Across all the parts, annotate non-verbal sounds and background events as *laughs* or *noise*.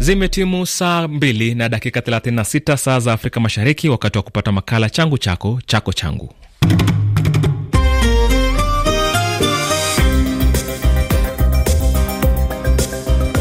Zimetimu saa 2 na dakika 36 saa za Afrika Mashariki, wakati wa kupata makala changu chako chako changu.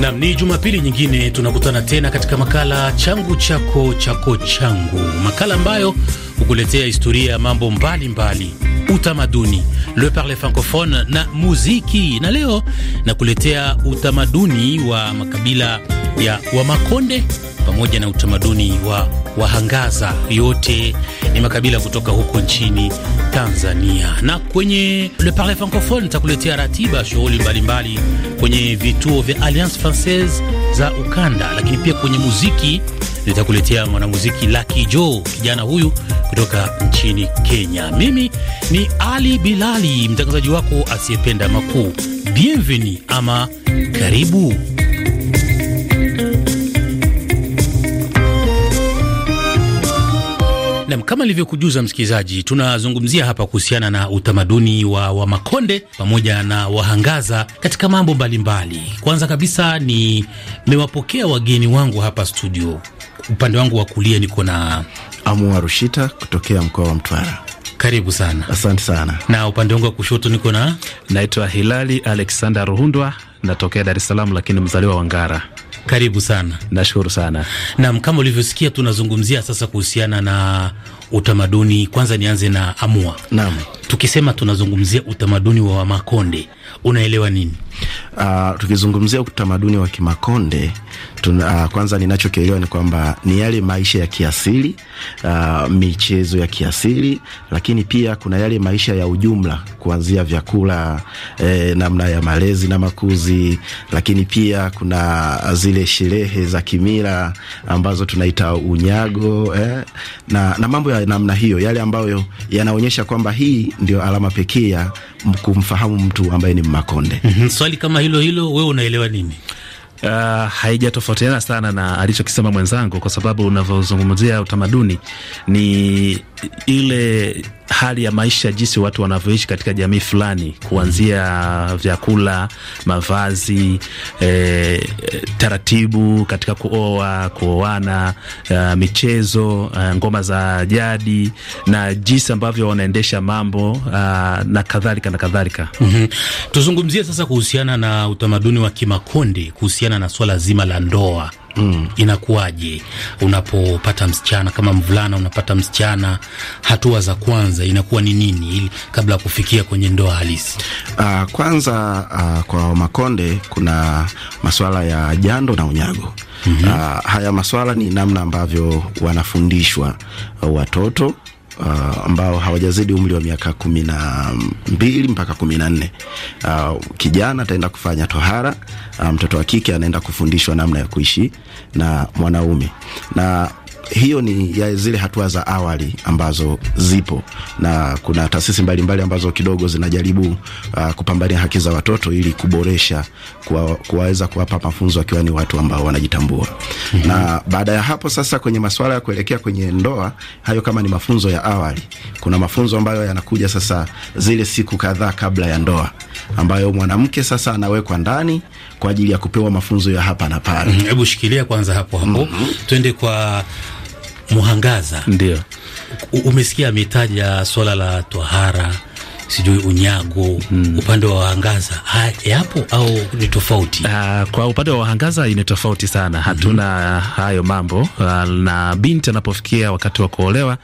Nam, ni Jumapili nyingine tunakutana tena katika makala changu chako chako changu, makala ambayo kukuletea historia ya mambo mbalimbali mbali, utamaduni, le parle francophone na muziki. Na leo nakuletea utamaduni wa makabila ya Wamakonde pamoja na utamaduni wa Wahangaza. Yote ni makabila kutoka huko nchini Tanzania. Na kwenye le parle francophone nitakuletea ratiba shughuli mbalimbali kwenye vituo vya Alliance Francaise za ukanda, lakini pia kwenye muziki nitakuletea mwanamuziki Lucky Joe, kijana huyu kutoka nchini Kenya. Mimi ni Ali Bilali, mtangazaji wako asiyependa makuu. Bienvenue ama karibu. Nam, kama nilivyokujuza msikilizaji, tunazungumzia hapa kuhusiana na utamaduni wa Wamakonde pamoja na Wahangaza katika mambo mbalimbali. Kwanza kabisa ni mewapokea wageni wangu hapa studio. Upande wangu wa kulia niko na Amua Rushita kutokea mkoa wa Mtwara. Karibu sana. Asante sana. Na upande wangu wa kushoto niko na naitwa Hilali Alexander Ruhundwa, natokea Dar es Salaam, lakini mzaliwa wa Ngara. Karibu sana. Nashukuru sana. nam kama ulivyosikia tunazungumzia sasa kuhusiana na utamaduni. Kwanza nianze na Amua. Naam. Tukisema tunazungumzia utamaduni wa Wamakonde unaelewa nini? Uh, tukizungumzia utamaduni wa Kimakonde tuna, uh, kwanza ninachokielewa ni kwamba ni yale maisha ya kiasili uh, michezo ya kiasili, lakini pia kuna yale maisha ya ujumla kuanzia vyakula eh, namna ya malezi na makuzi, lakini pia kuna zile sherehe za kimila ambazo tunaita unyago eh, na, na mambo ya namna hiyo, yale ambayo yanaonyesha kwamba hii ndio alama pekee ya kumfahamu mtu ambaye ni Mmakonde. mm -hmm. Swali kama hilo hilo, wewe unaelewa nini? Uh, haijatofautiana sana na alichokisema mwenzangu, kwa sababu unavyozungumzia utamaduni ni ile hali ya maisha, jinsi watu wanavyoishi katika jamii fulani, kuanzia vyakula, mavazi, e, taratibu katika kuoa, kuoana, e, michezo, e, ngoma za jadi na jinsi ambavyo wanaendesha mambo e, na kadhalika na kadhalika. mm -hmm. Tuzungumzie sasa kuhusiana na utamaduni wa Kimakonde kuhusiana na swala zima la ndoa mm. Inakuwaje unapopata msichana kama mvulana, unapata msichana, hatua za kwanza inakuwa ni nini ili kabla ya kufikia kwenye ndoa halisi? Uh, kwanza uh, kwa Makonde kuna masuala ya jando na unyago. mm -hmm. Uh, haya masuala ni namna ambavyo wanafundishwa watoto uh, ambao hawajazidi umri wa miaka kumi na mbili mpaka kumi na nne. Uh, kijana ataenda kufanya tohara, uh, mtoto um, wa kike anaenda kufundishwa namna ya kuishi na mwanaume na hiyo ni ya zile hatua za awali ambazo zipo na kuna taasisi mbalimbali ambazo kidogo zinajaribu uh, kupambania haki za watoto ili kuboresha kuwaweza kuwapa mafunzo wakiwa ni watu ambao wanajitambua. mm -hmm. Na baada ya hapo sasa, kwenye masuala ya kuelekea kwenye ndoa, hayo kama ni mafunzo ya awali, kuna mafunzo ambayo yanakuja sasa zile siku kadhaa kabla ya ndoa, ambayo mwanamke sasa anawekwa ndani kwa ajili ya kupewa mafunzo ya hapa na pale. Mm, hebu shikilia kwanza hapo hapo, mm -hmm. twende kwa Muhangaza. Ndio umesikia ametaja swala la tohara sijui unyago mm. upande wa waangaza yapo au ni tofauti? Uh, kwa upande wa waangaza ni tofauti sana, mhm. hatuna mm -hmm. hayo mambo uh, na binti anapofikia wakati wa kuolewa,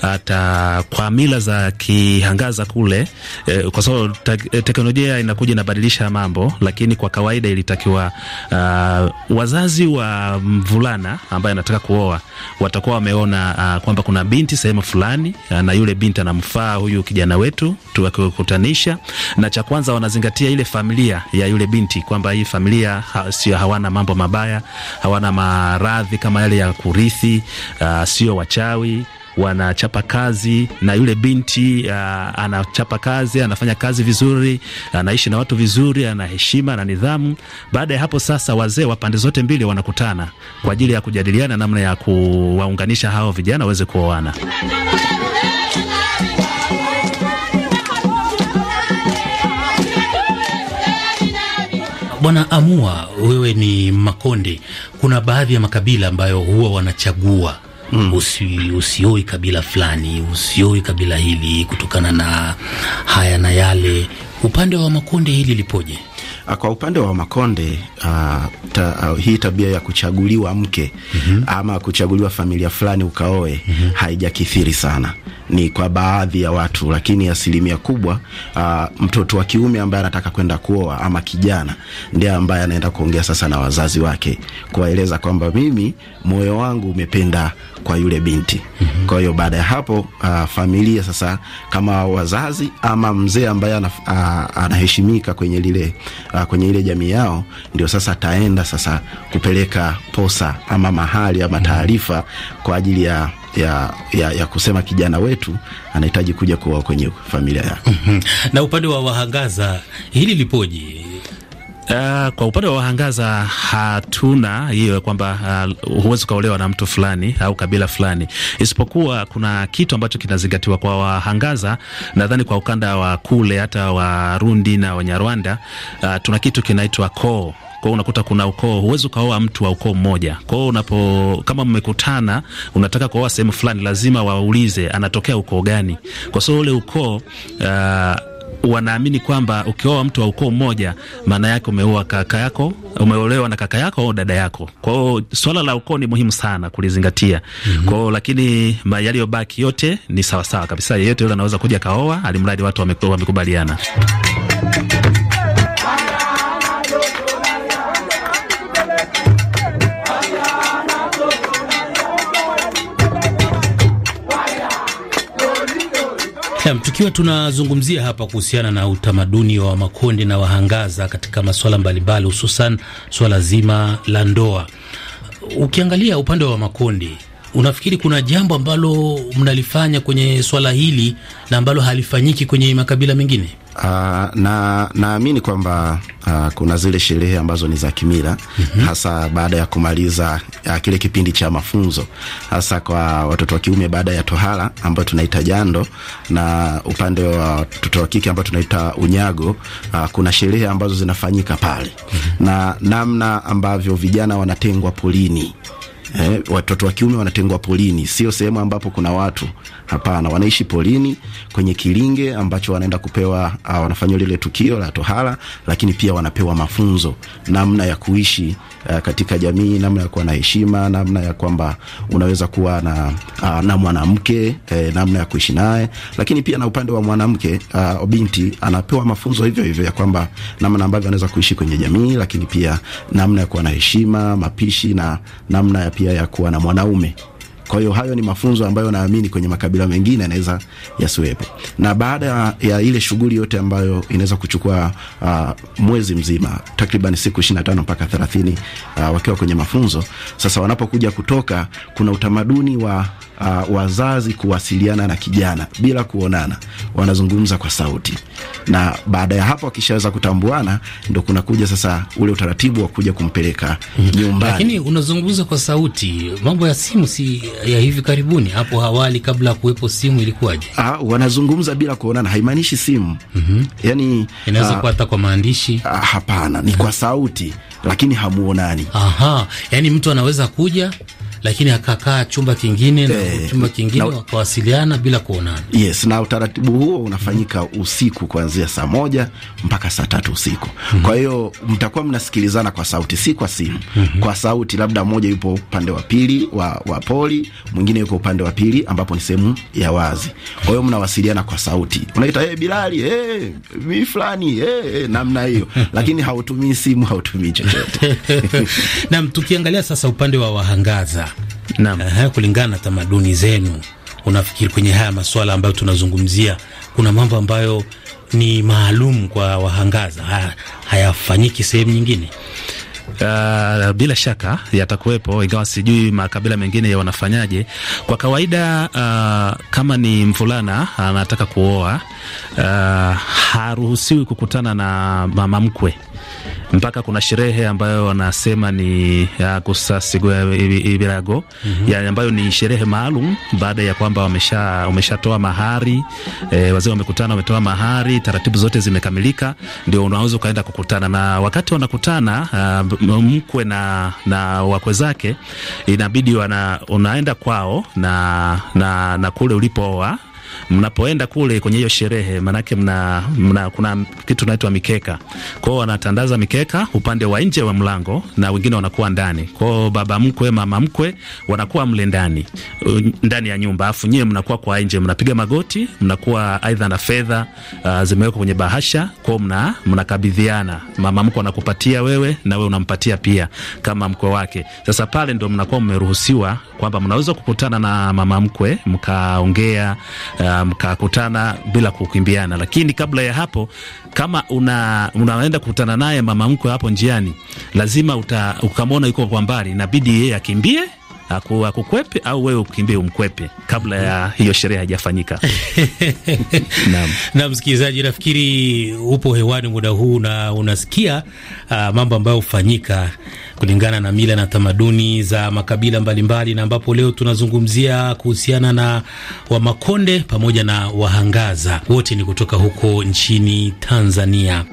hata kwa mila za kihangaza kule eh, kwa sababu eh, teknolojia inakuja inabadilisha mambo, lakini kwa kawaida ilitakiwa uh, wazazi wa mvulana ambaye anataka kuoa watakuwa wameona uh, kwamba kuna binti sehemu fulani uh, na yule binti anamfaa huyu kijana wetu tu wakikutanisha na cha kwanza wanazingatia ile familia ya yule binti, kwamba hii familia ha, sio hawana mambo mabaya, hawana maradhi kama yale ya kurithi, uh, sio wachawi wanachapa kazi na yule binti uh, anachapa kazi, anafanya kazi vizuri, anaishi na watu vizuri, ana heshima na nidhamu. Baada ya hapo sasa, wazee wa pande zote mbili wanakutana kwa ajili ya kujadiliana namna ya kuwaunganisha hao vijana waweze kuoana. Bwana Amua, wewe ni Makonde. Kuna baadhi ya makabila ambayo huwa wanachagua Mm. Usi, usioi kabila fulani, usioi kabila hili kutokana na haya na yale. Upande wa Makonde hili lipoje? Ah, kwa upande wa Makonde uh, ta, uh, hii tabia ya kuchaguliwa mke mm -hmm. ama kuchaguliwa familia fulani ukaoe mm -hmm. haijakithiri sana, ni kwa baadhi ya watu, lakini asilimia kubwa uh, mtoto wa kiume ambaye anataka kwenda kuoa ama kijana ndiye ambaye anaenda kuongea sasa na wazazi wake kuwaeleza kwamba mimi moyo wangu umependa kwa yule binti mm -hmm. Kwa hiyo baada ya hapo uh, familia sasa kama wazazi ama mzee ambaye anaheshimika kwenye lile uh, kwenye ile jamii yao, ndio sasa ataenda sasa kupeleka posa ama mahali ama taarifa kwa ajili ya ya, ya, ya kusema kijana wetu anahitaji kuja kuoa kwenye familia yako. Mhm. Na upande wa wahangaza hili lipoje? Uh, kwa upande wa wahangaza hatuna hiyo kwamba uh, huwezi ukaolewa na mtu fulani au kabila fulani, isipokuwa kuna kitu ambacho kinazingatiwa kwa wahangaza. Nadhani kwa ukanda wa kule hata Warundi na Wanyarwanda uh, tuna kitu kinaitwa koo kwa unakuta kuna ukoo, huwezi ukaoa mtu wa ukoo mmoja. Kwa hiyo unapo, kama mmekutana, unataka kuoa sehemu fulani, lazima waulize anatokea ukoo gani, kwa sababu ule ukoo uh, wanaamini kwamba ukioa mtu wa ukoo mmoja, maana yake umeoa kaka yako, umeolewa na kaka yako au dada yako. Kwa hiyo swala la ukoo ni muhimu sana kulizingatia. mm -hmm. Kwa hiyo lakini yaliyobaki yote ni sawasawa kabisa, yeyote yule anaweza kuja kaoa, alimradi watu wamekubaliana. Nam, tukiwa tunazungumzia hapa kuhusiana na utamaduni wa Makonde na Wahangaza katika masuala mbalimbali, hususan swala zima la ndoa. Ukiangalia upande wa Makonde, unafikiri kuna jambo ambalo mnalifanya kwenye swala hili na ambalo halifanyiki kwenye makabila mengine? Uh, na naamini kwamba uh, kuna zile sherehe ambazo ni za kimila mm -hmm. Hasa baada ya kumaliza uh, kile kipindi cha mafunzo hasa kwa watoto wa kiume baada ya tohara ambayo tunaita jando, na upande wa watoto wa kike ambayo tunaita unyago. Uh, kuna sherehe ambazo zinafanyika pale mm -hmm. na namna ambavyo vijana wanatengwa polini eh, watoto wa kiume wanatengwa polini, sio sehemu ambapo kuna watu. Hapana, wanaishi polini kwenye kilinge ambacho wanaenda kupewa, ah, wanafanywa lile tukio la tohara, lakini pia wanapewa mafunzo namna ya kuishi uh, katika jamii, namna ya kuwa na heshima, namna ya kwamba unaweza kuwa na, uh, na mwanamke eh, namna ya kuishi naye, lakini pia na upande wa mwanamke uh, binti anapewa mafunzo hivyo hivyo ya kwamba namna ambavyo anaweza kuishi kwenye jamii, lakini pia namna ya kuwa na heshima, mapishi na namna ya pia ya kuwa na mwanaume kwa hiyo hayo ni mafunzo ambayo naamini kwenye makabila mengine yanaweza yasiwepo. Na baada ya, ile shughuli yote ambayo inaweza kuchukua uh, mwezi mzima takriban siku 25 mpaka 30 uh, wakiwa kwenye mafunzo, sasa wanapokuja kutoka, kuna utamaduni wa uh, wazazi kuwasiliana na kijana bila kuonana, wanazungumza kwa sauti, na baada ya hapo wakishaweza kutambuana, ndo kuja sasa ule utaratibu wa kuja kumpeleka mm-hmm. nyumbani. Lakini unazungumza kwa sauti, mambo ya simu si ya hivi karibuni. Hapo awali kabla ya kuwepo simu ilikuwaje? Ah, wanazungumza bila kuonana, haimaanishi simu. mm -hmm. Yani inaweza ah, kuwa hata kwa maandishi. Ah, hapana, ni kwa sauti, lakini hamuonani. Aha, yani mtu anaweza kuja lakini akakaa chumba kingine na eh, chumba kingine wakawasiliana bila kuonana. Yes, na utaratibu huo unafanyika mm -hmm. usiku kuanzia saa moja mpaka saa tatu usiku. mm -hmm. Kwa hiyo mtakuwa mnasikilizana kwa sauti, si kwa simu. mm -hmm. Kwa sauti, labda mmoja yupo upande wa pili wa, wa poli, mwingine yuko upande wa pili ambapo ni sehemu ya wazi. Kwa hiyo mnawasiliana kwa sauti, unaita hey, eh, Bilali hey, eh, mi fulani hey, namna hiyo *laughs* lakini hautumii simu, hautumii chochote. *laughs* Nam, tukiangalia sasa upande wa wahangaza Naam. Uh, kulingana na tamaduni zenu, unafikiri kwenye haya masuala ambayo tunazungumzia kuna mambo ambayo ni maalum kwa wahangaza ha, hayafanyiki sehemu nyingine? Uh, bila shaka yatakuwepo, ingawa sijui makabila mengine ya wanafanyaje. Kwa kawaida uh, kama ni mvulana anataka kuoa uh, haruhusiwi kukutana na mama mkwe mpaka kuna sherehe ambayo wanasema ni ya kusasigua ibirago mm -hmm. ya ambayo ni sherehe maalum baada ya kwamba wamesha mahari e, wazee wamekutana, wametoa mahari, taratibu zote zimekamilika, ndio unaweza ukaenda kukutana. Na wakati wanakutana uh, mkwe na, na wakwe zake inabidi wana, unaenda kwao na, na, na kule ulipooa mnapoenda kule kwenye hiyo sherehe, manake mna, mna, kuna kitu naitwa mikeka. Kwa hiyo wanatandaza mikeka upande wa nje wa mlango na wengine wanakuwa ndani. Kwa hiyo baba mkwe, mama mkwe wanakuwa mle ndani ndani ya nyumba, afu nyie mnakuwa kwa nje, mnapiga magoti, mnakuwa aidha na fedha uh, zimewekwa kwenye bahasha. Kwa mna mnakabidhiana, mama mkwe anakupatia wewe na wewe unampatia pia kama mkwe wake. Sasa pale ndo mnakuwa mmeruhusiwa kwamba mnaweza kukutana na mama mkwe mkaongea uh, mkakutana bila kukimbiana. Lakini kabla ya hapo, kama una, unaenda kukutana naye mama mkwe hapo njiani, lazima ukamwona yuko kwa mbali, inabidi yeye akimbie akukwepe au wewe ukimbie umkwepe kabla ya hiyo sherehe haijafanyika. *laughs* Naam. Na msikilizaji, nafikiri upo hewani muda huu na unasikia uh, mambo ambayo hufanyika kulingana na mila na tamaduni za makabila mbalimbali, na ambapo leo tunazungumzia kuhusiana na Wamakonde pamoja na Wahangaza, wote ni kutoka huko nchini Tanzania.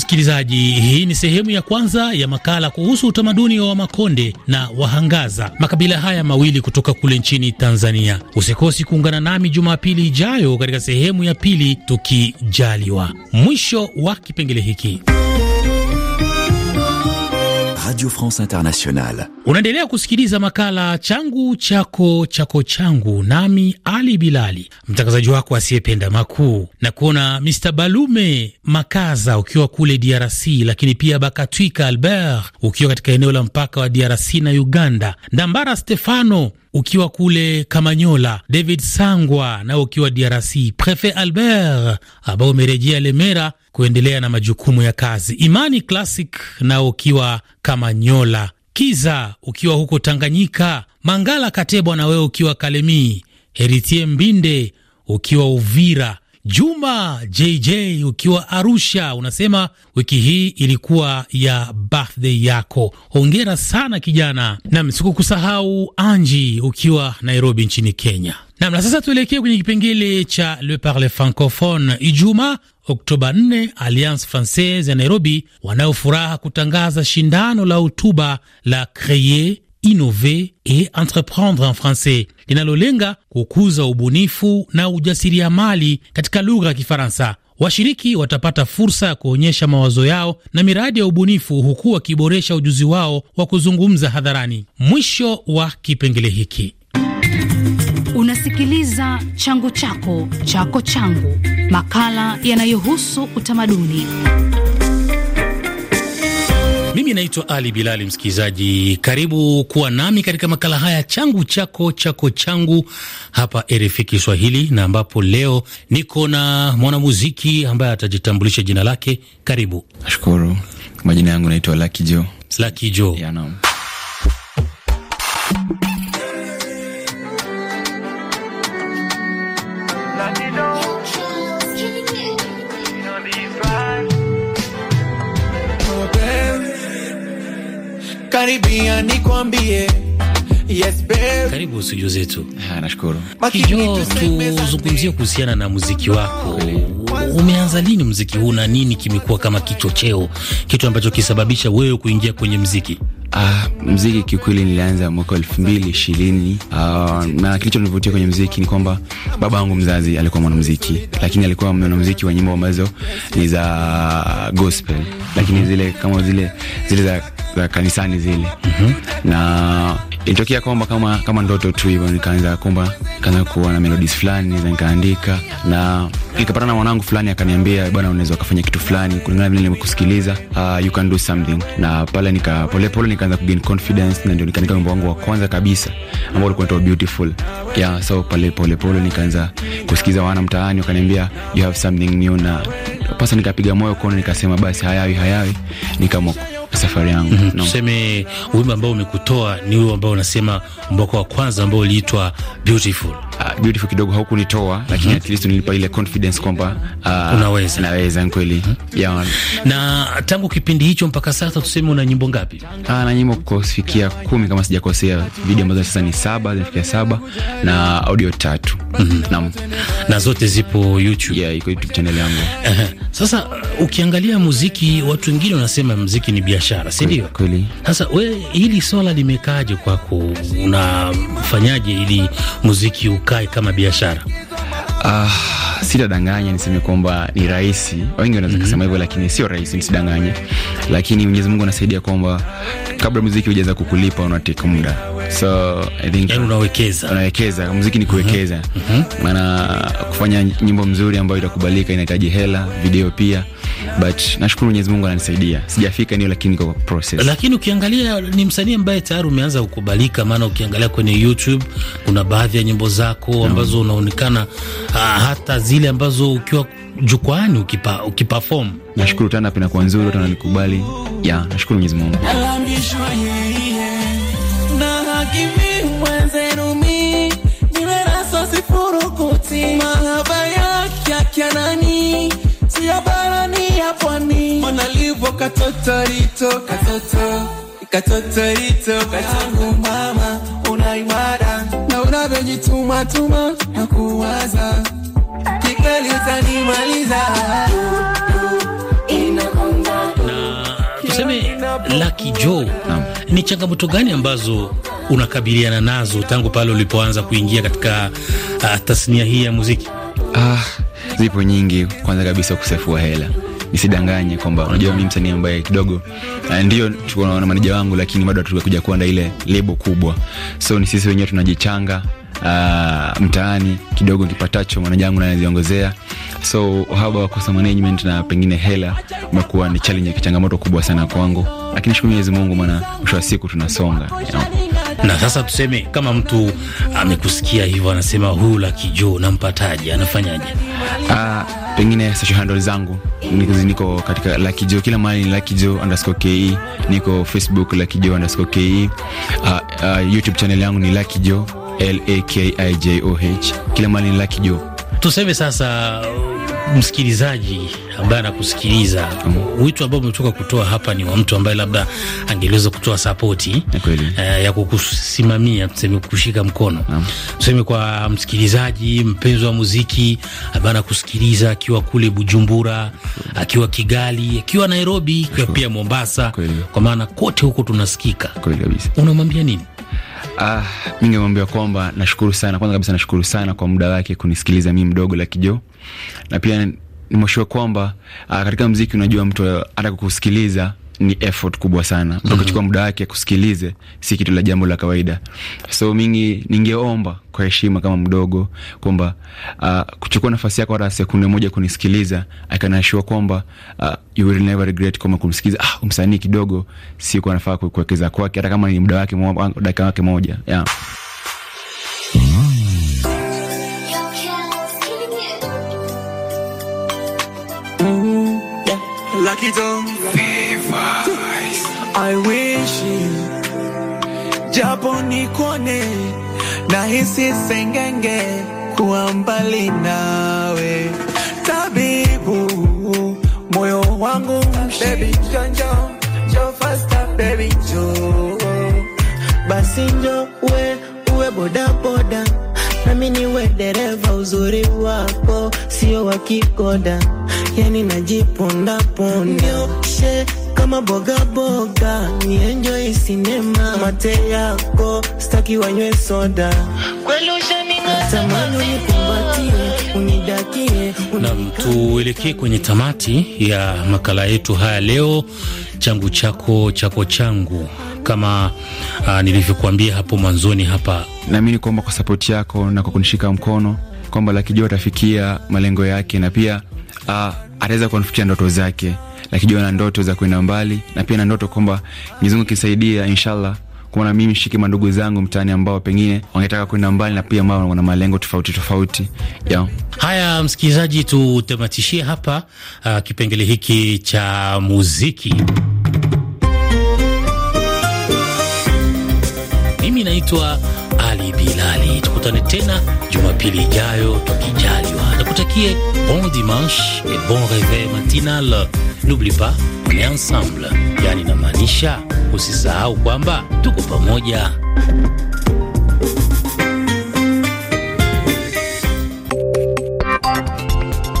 msikilizaji, hii ni sehemu ya kwanza ya makala kuhusu utamaduni wa Wamakonde na Wahangaza, makabila haya mawili kutoka kule nchini Tanzania. Usikosi kuungana nami Jumapili ijayo katika sehemu ya pili tukijaliwa. Mwisho wa kipengele hiki. Radio France Internationale. Unaendelea kusikiliza makala changu chako chako changu, nami Ali Bilali, mtangazaji wako asiyependa makuu, na kuona Mr Balume Makaza ukiwa kule DRC, lakini pia Bakatwika Albert ukiwa katika eneo la mpaka wa DRC na Uganda, Ndambara Stefano ukiwa kule Kamanyola, David Sangwa nao ukiwa DRC, Prefet Albert ambao umerejea Lemera kuendelea na majukumu ya kazi. Imani Classic nao ukiwa kama nyola Kiza ukiwa huko Tanganyika, Mangala Katebwa na wewe ukiwa Kalemie, Heritie Mbinde ukiwa Uvira, Juma JJ ukiwa Arusha, unasema wiki hii ilikuwa ya birthday yako. Hongera sana kijana. Nam, sikukusahau Anji ukiwa Nairobi nchini Kenya. Nam, na sasa tuelekee kwenye kipengele cha Le Parle Francophone Ijuma Oktoba 4 Alliance Francaise ya Nairobi wanayofuraha kutangaza shindano la hotuba la Creer innover et entreprendre en Francais linalolenga kukuza ubunifu na ujasiriamali katika lugha ya Kifaransa. Washiriki watapata fursa ya kuonyesha mawazo yao na miradi ya ubunifu huku wakiboresha ujuzi wao wa kuzungumza hadharani. Mwisho wa kipengele hiki. Unasikiliza Changu Chako Chako Changu, makala yanayohusu utamaduni. Mimi naitwa Ali Bilali. Msikilizaji, karibu kuwa nami katika makala haya changu chako chako changu hapa RFI Kiswahili, na ambapo leo niko na mwanamuziki ambaye atajitambulisha jina lake. Karibu. Nashukuru. Majina yangu naitwa Lucky Joe. Lucky Joe. Yeah, no. Karibia nikwambie Yes, karibu studio zetu. Nashukuru Kijo, tuzungumzie kuhusiana na muziki ah, wako. Umeanza lini muziki huu na nini kimekuwa kama kichocheo, kitu ambacho kisababisha wewe kuingia kwenye muziki? Ah, mziki kiukweli nilianza mwaka elfu mbili ishirini. Ah, na kilichonivutia kwenye mziki ni kwamba baba yangu mzazi alikuwa mwanamziki lakini alikuwa mwanamziki wa nyimbo ambazo ni za gospel, lakini zile kama zile zile za za kanisani zile mm -hmm. na ilitokea kwamba kama kama ndoto tu hivyo, nikaanza kwamba kaanza kuwa na melodies fulani za nikaandika, na nikapata na mwanangu fulani akaniambia, bwana, unaweza kufanya kitu fulani kulingana vile nimekusikiliza, uh, you can do something. Na pale nika pole pole nikaanza ku gain confidence, na ndio nikaandika wimbo wangu wa kwanza kabisa ambao ulikuwa unaitwa Beautiful. Yeah, so pale pole pole nikaanza kusikiza wana mtaani, wakaniambia you have something new, na pasa nikapiga moyo kono, nikasema basi hayawi hayawi, nikaamua safari yangu mm -hmm. no. Tuseme wimbo ambao umekutoa ni wimbo ambao unasema mboko wa kwanza ambao uliitwa Beautiful. Uh, Beautiful kidogo haukunitoa mm -hmm. Lakini mhm. at least nilipa ile confidence kwamba uh, unaweza naweza kweli mm -hmm. yeah. Na tangu kipindi hicho mpaka sasa tuseme una nyimbo ngapi? Ah, na nyimbo kufikia kumi kama sijakosea, video ambazo sasa ni saba zinafikia saba na audio tatu mm -hmm. Naam. na zote zipo YouTube. Yeah, iko YouTube channel yangu. Sasa ukiangalia muziki, watu wengine wanasema muziki ni biashara biashara, si ndio? Sasa we hili swala limekaaje kwako? Unafanyaje ili muziki ukae kama biashara? Ah, sitadanganya niseme kwamba ni rahisi. Wengi wanaweza mhm. kusema mm -hmm. hivyo, lakini sio rahisi, nisidanganye. Lakini Mwenyezi Mungu anasaidia kwamba kabla muziki hujaanza kukulipa unateka muda, so I think yani unawekeza, unawekeza. Muziki ni kuwekeza, mhm. Mhm. maana mm -hmm. kufanya nyimbo mzuri ambayo itakubalika inahitaji hela, video pia but nashukuru Mwenyezi Mungu ananisaidia, sijafika eneo lakini kwa process. Lakini ukiangalia ni msanii ambaye tayari umeanza kukubalika, maana ukiangalia kwenye YouTube kuna baadhi ya nyimbo zako ambazo no. unaonekana ah, hata zile ambazo ukiwa jukwani ukipa, ukiperform. Nashukuru tena pina kwa nzuri, watu nikubali ya, nashukuru Mwenyezi Mungu katoto katotorito katoto katoto katotorito katangu mama una imara na tuma na kuwaza kikali utanimaliza Tuseme Lucky Joe, ni changamoto gani ambazo unakabiliana nazo tangu pale ulipoanza kuingia katika uh, tasnia hii ya muziki? Ah, zipo nyingi. Kwanza kabisa ukosefu wa hela nisidanganye kwamba unajua mimi msanii ambaye kidogo eh, ndio tuko na wangu, lakini bado hatukuja kuwa ile lebo kubwa, so ni sisi wenyewe tunajichanga Uh, mtaani kidogo kipatacho mwanajangu naziongezea, so uhaba wa kosa management na pengine hela umekuwa ni challenge ya changamoto kubwa sana kwangu, lakini shukuru Mwenyezi Mungu, maana mwisho wa siku tunasonga you know. Na sasa tuseme kama mtu amekusikia hivyo, anasema huu la kijo nampataje? Anafanyaje? Ah, pengine social handle zangu niko katika la kijo, kila mahali ni la kijo underscore ke, niko Facebook la kijo underscore ke, ah, ah, YouTube channel yangu ni la kijo l a k i j o h, kila mahali ni la kijo. Tuseme sasa msikilizaji ambaye anakusikiliza, mm. wito ambao umetoka kutoa hapa ni wa mtu ambaye labda angeliweza kutoa sapoti uh, eh, ya kukusimamia, tuseme kushika mkono, tuseme kwa msikilizaji mpenzi wa muziki ambaye anakusikiliza akiwa kule Bujumbura, akiwa Kigali, akiwa Nairobi, akiwa pia Mombasa, kwa maana kote huko tunasikika. Unamwambia nini? Ah, ningemwambia kwamba nashukuru sana, kwanza kabisa nashukuru sana kwa muda wake kunisikiliza mimi mdogo la kijo, na pia nimwashua kwamba ah, katika mziki, unajua mtu hata kukusikiliza ni effort kubwa sana mm -hmm. Kuchukua muda wake kusikilize si kitu la jambo la kawaida, so mingi ningeomba kwa heshima kama mdogo kwamba uh, kuchukua nafasi yako hata sekunde moja kunisikiliza. akanashua kwamba uh, you will never regret kama kumsikiliza ah, msanii kidogo si kwa nafaa kuwekeza kwake, hata kama ni muda wake, dakika wake moja yeah. Lucky I wish japo nikone na hisi sengenge kuwa mbali nawe, tabibu moyo wangu baby, njo faster baby basi njo uwe uwe bodaboda nami niwe dereva, uzuri wako sio wakikoda kikoda, yani najipondaponda kama boga boga, ni enjoy sinema. Mate yako staki wanywe soda, Nam, tuelekee kwenye tamati ya makala yetu haya leo, changu chako chako changu kama uh, nilivyokuambia hapo mwanzoni hapa, naamini kwamba kwa sapoti yako na kwa kunishika mkono kwamba Lakijua atafikia malengo yake na pia uh, ataweza kuwafikia ndoto zake lakini na ndoto za kwenda mbali, na pia na ndoto kwamba Mwenyezi Mungu inshallah kuona mimi shike mandugu zangu mtaani ambao pengine wangetaka kwenda mbali na pia ambao wana malengo tofauti tofauti. Yeah. Haya, msikilizaji, tutamatishie hapa uh, kipengele hiki cha muziki. Mimi naitwa Ali Bilali, tukutane tena Jumapili ijayo tukijaliwa. Nakutakie bon dimanche et bon reveil matinal. N'oublie pas on est ensemble, yani namaanisha usisahau kwamba tuko pamoja.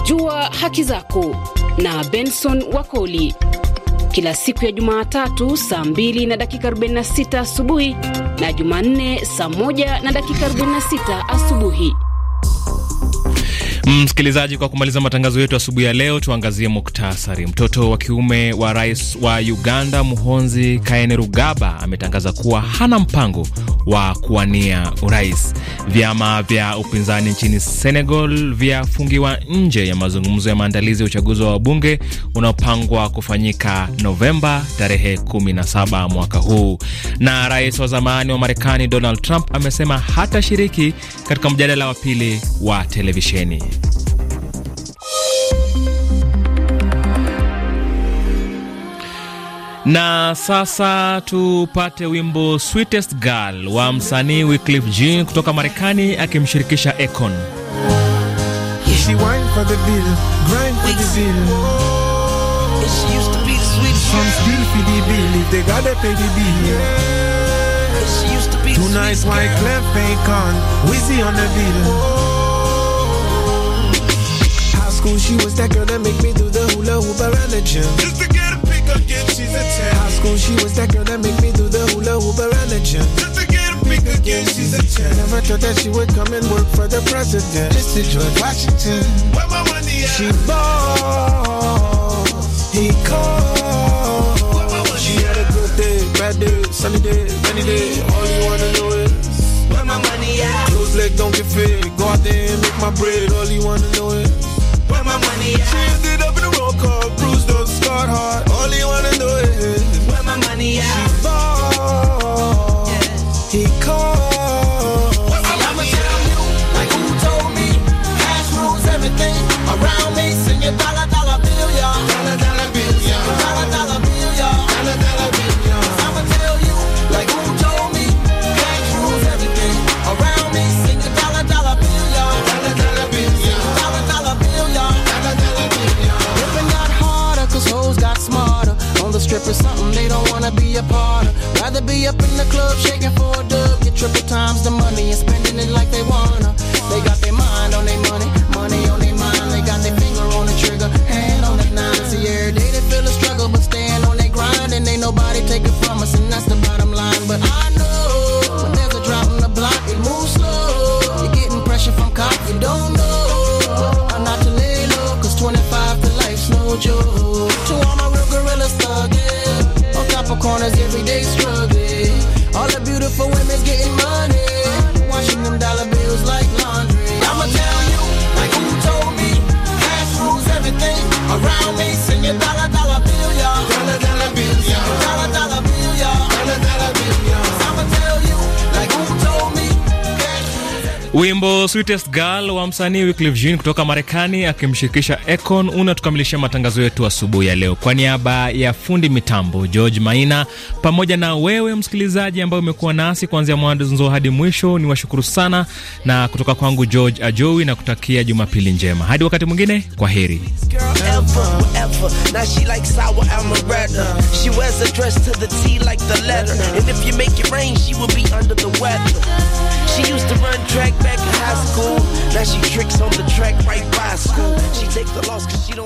Jua haki zako na Benson Wakoli kila siku ya Jumatatu saa 2 na dakika 46 asubuhi na Jumanne saa 1 na dakika 46 asubuhi. Msikilizaji, kwa kumaliza matangazo yetu asubuhi ya leo, tuangazie muktasari. Mtoto wa kiume wa rais wa Uganda Muhonzi Kainerugaba ametangaza kuwa hana mpango wa kuwania urais. Vyama vya upinzani nchini Senegal vyafungiwa nje ya mazungumzo ya maandalizi ya uchaguzi wa wabunge unaopangwa kufanyika Novemba tarehe 17 mwaka huu. Na rais wa zamani wa Marekani Donald Trump amesema hatashiriki katika mjadala wa pili wa televisheni. Na sasa tupate wimbo Sweetest Girl wa msanii Wyclef Jean kutoka Marekani akimshirikisha Akon. Oh. She was that girl that make me do the hula hoop around the gym. again, she's a 10. High school, she was that girl that make me do the hula hoop around the gym. Just to get a peek again, she's a 10. Never thought that she would come and work for the president. Just to George Washington. Where my money at? She balls, he calls. She had a good day, bad day, sunny day, rainy day. All you wanna know is where my money at? Close leg, don't get fit. Go out there and make my bread. All you wanna know is where my money at? She ended up in a roll call, bruised up, scarred heart only to do it. Where my money at? Strippers, something they don't wanna be a part of. Rather be up in the club shaking for a dub. Get triple times the money and spending it like they wanna. They got their mind on their money, money on their mind. They got their finger on the trigger, hand on the nine. See, every day they feel a struggle, but staying on their grind. And ain't nobody take it from us, and that's the bottom ¡Vamos! Wimbo Sweetest Girl wa msanii Wyclef Jean kutoka Marekani akimshirikisha Akon unatukamilishia matangazo yetu asubuhi ya leo. Kwa niaba ya fundi mitambo George Maina pamoja na wewe msikilizaji ambaye umekuwa nasi kuanzia mwanzo hadi mwisho, ni washukuru sana, na kutoka kwangu George Ajowi na kutakia Jumapili njema hadi wakati mwingine, kwa heri. She used to run track back in high school. Now she tricks on the track right by school. She takes the loss cause she don't